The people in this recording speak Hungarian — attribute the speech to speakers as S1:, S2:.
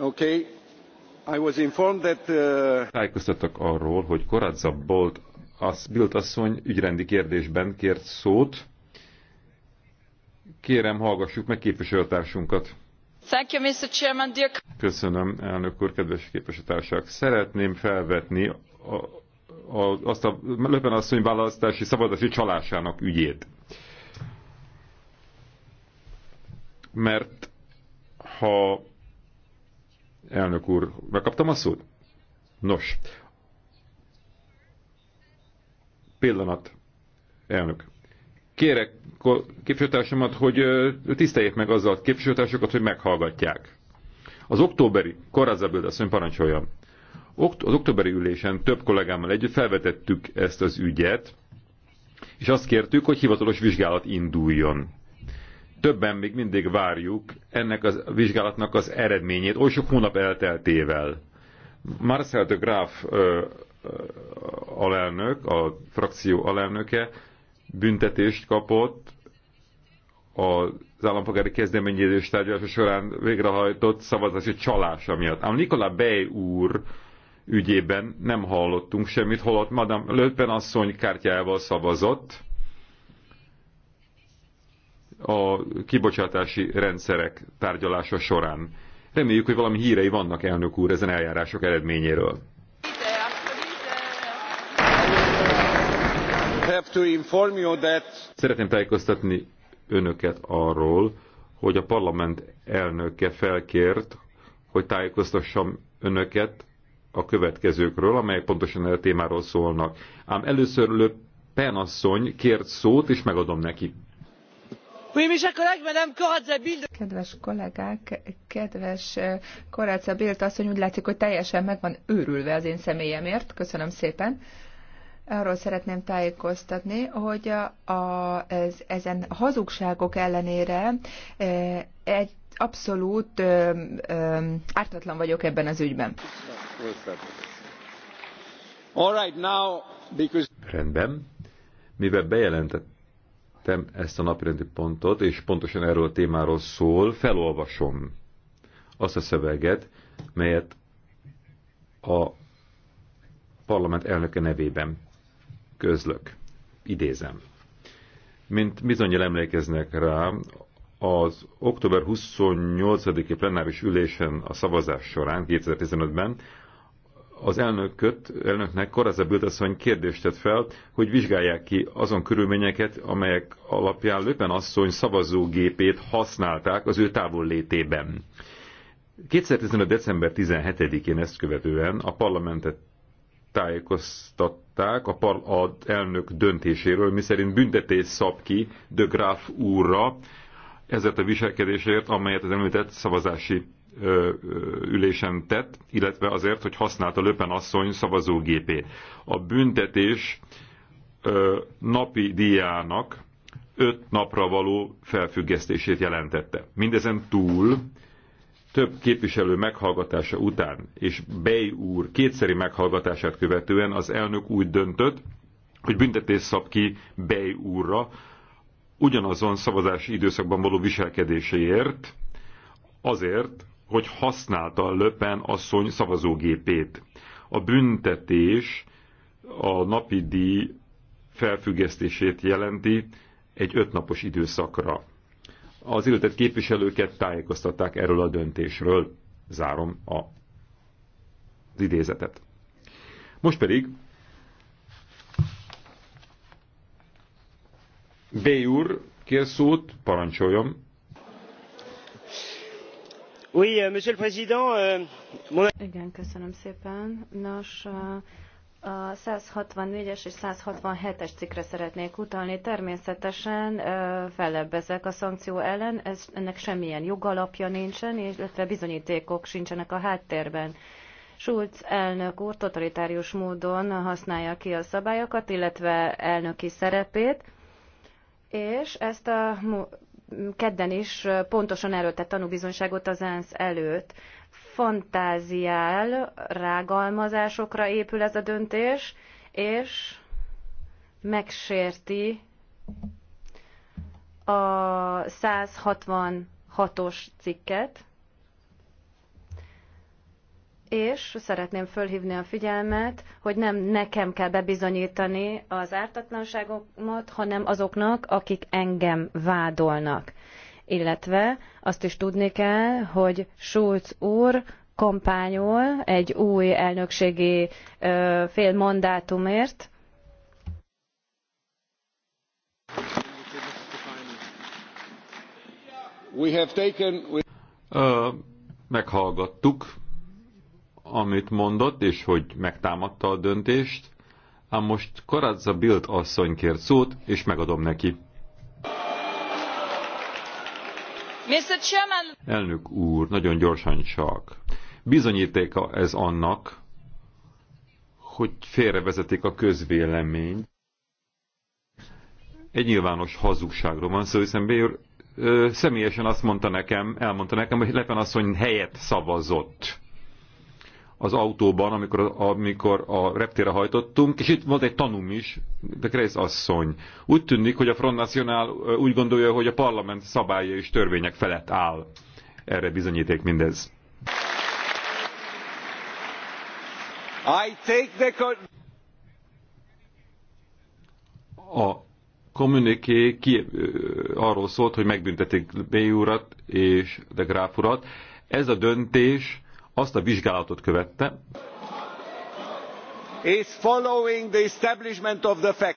S1: Uh, Tájékoztattak arról, hogy Koradza Bolt az Bilt asszony ügyrendi kérdésben kért szót. Kérem, hallgassuk meg képviselőtársunkat.
S2: Thank you, Mr. Chairman, dear...
S1: Köszönöm, elnök úr, kedves képviselőtársak. Szeretném felvetni a, a, azt a Löpen asszony választási szabadási csalásának ügyét. Mert ha Elnök úr, megkaptam a szót? Nos. Pillanat. Elnök. Kérek képviselőtársamat, hogy tiszteljék meg azzal a képviselőtársokat, hogy meghallgatják. Az októberi, Karazaböld asszony parancsolja. Az októberi ülésen több kollégámmal együtt felvetettük ezt az ügyet, és azt kértük, hogy hivatalos vizsgálat induljon Többen még mindig várjuk ennek a vizsgálatnak az eredményét, oly sok hónap elteltével. Marcel de Graaf ö, ö, alelnök, a frakció alelnöke büntetést kapott az állampolgári kezdeményezés tárgyalása során végrehajtott szavazási csalása miatt. Ám Nikola Bey úr ügyében nem hallottunk semmit, holott Madame Löpen asszony kártyájával szavazott, a kibocsátási rendszerek tárgyalása során. Reméljük, hogy valami hírei vannak, elnök úr, ezen eljárások eredményéről. Szeretném tájékoztatni önöket arról, hogy a parlament elnöke felkért, hogy tájékoztassam önöket a következőkről, amelyek pontosan a témáról szólnak. Ám először Le Pen asszony kért szót, és megadom neki.
S2: Kedves kollégák, kedves Koráca eh, Bélt asszony, úgy látszik, hogy teljesen meg van őrülve az én személyemért. Köszönöm szépen. Arról szeretném tájékoztatni, hogy a, a, ez, ezen hazugságok ellenére eh, egy abszolút eh, ártatlan vagyok ebben az ügyben.
S1: All right, now, because... Rendben. Mivel bejelentett készítettem ezt a napirendi pontot, és pontosan erről a témáról szól, felolvasom azt a szöveget, melyet a parlament elnöke nevében közlök. Idézem. Mint bizonyal emlékeznek rá, az október 28-i plenáris ülésen a szavazás során 2015-ben az elnököt, elnöknek Koraza Bildasszony kérdést tett fel, hogy vizsgálják ki azon körülményeket, amelyek alapján Löpen asszony szavazógépét használták az ő távollétében. 2015. december 17-én ezt követően a parlamentet tájékoztatták a, par, elnök döntéséről, miszerint büntetés szab ki de Graf úrra ezért a viselkedésért, amelyet az említett szavazási ülésen tett, illetve azért, hogy használta Löpen asszony szavazógépét. A büntetés napi díjának öt napra való felfüggesztését jelentette. Mindezen túl több képviselő meghallgatása után és Bey úr kétszeri meghallgatását követően az elnök úgy döntött, hogy büntetés szab ki Bey úrra ugyanazon szavazási időszakban való viselkedéséért, azért, hogy használta Löpen asszony szavazógépét. A büntetés a napi díj felfüggesztését jelenti egy ötnapos időszakra. Az illetett képviselőket tájékoztatták erről a döntésről. Zárom a, az idézetet. Most pedig B úr kér szót, parancsoljon.
S2: Euh, monsieur le président euh, mon. igen köszönöm szépen nos a 164-es és 167-es cikkre szeretnék utalni. Természetesen fellebbezek a szankció ellen, ez, ennek semmilyen jogalapja nincsen, illetve bizonyítékok sincsenek a háttérben. Schulz elnök úr totalitárius módon használja ki a szabályokat, illetve elnöki szerepét, és ezt a kedden is pontosan erről tett tanúbizonyságot az ENSZ előtt. Fantáziál, rágalmazásokra épül ez a döntés, és megsérti a 166-os cikket, és szeretném fölhívni a figyelmet, hogy nem nekem kell bebizonyítani az ártatlanságomat, hanem azoknak, akik engem vádolnak. Illetve azt is tudni kell, hogy Schulz úr kampányol egy új elnökségi ö, fél mandátumért.
S1: We have taken... uh, meghallgattuk amit mondott, és hogy megtámadta a döntést, ám most Karadza Bild asszony kért szót, és megadom neki.
S2: Mr. Chairman.
S1: Elnök úr, nagyon gyorsan csak. Bizonyítéka ez annak, hogy félrevezetik a közvéleményt. Egy nyilvános hazugságról van szó, szóval hiszen Bér személyesen azt mondta nekem, elmondta nekem, hogy Lepen asszony helyet szavazott az autóban, amikor, amikor a reptére hajtottunk, és itt volt egy tanum is, de Kreisz asszony. Úgy tűnik, hogy a Front National úgy gondolja, hogy a parlament szabálya és törvények felett áll. Erre bizonyíték mindez. I take the... A kommuniké ki, arról szólt, hogy megbüntetik B urat és de Gráf urat. Ez a döntés azt a vizsgálatot követte.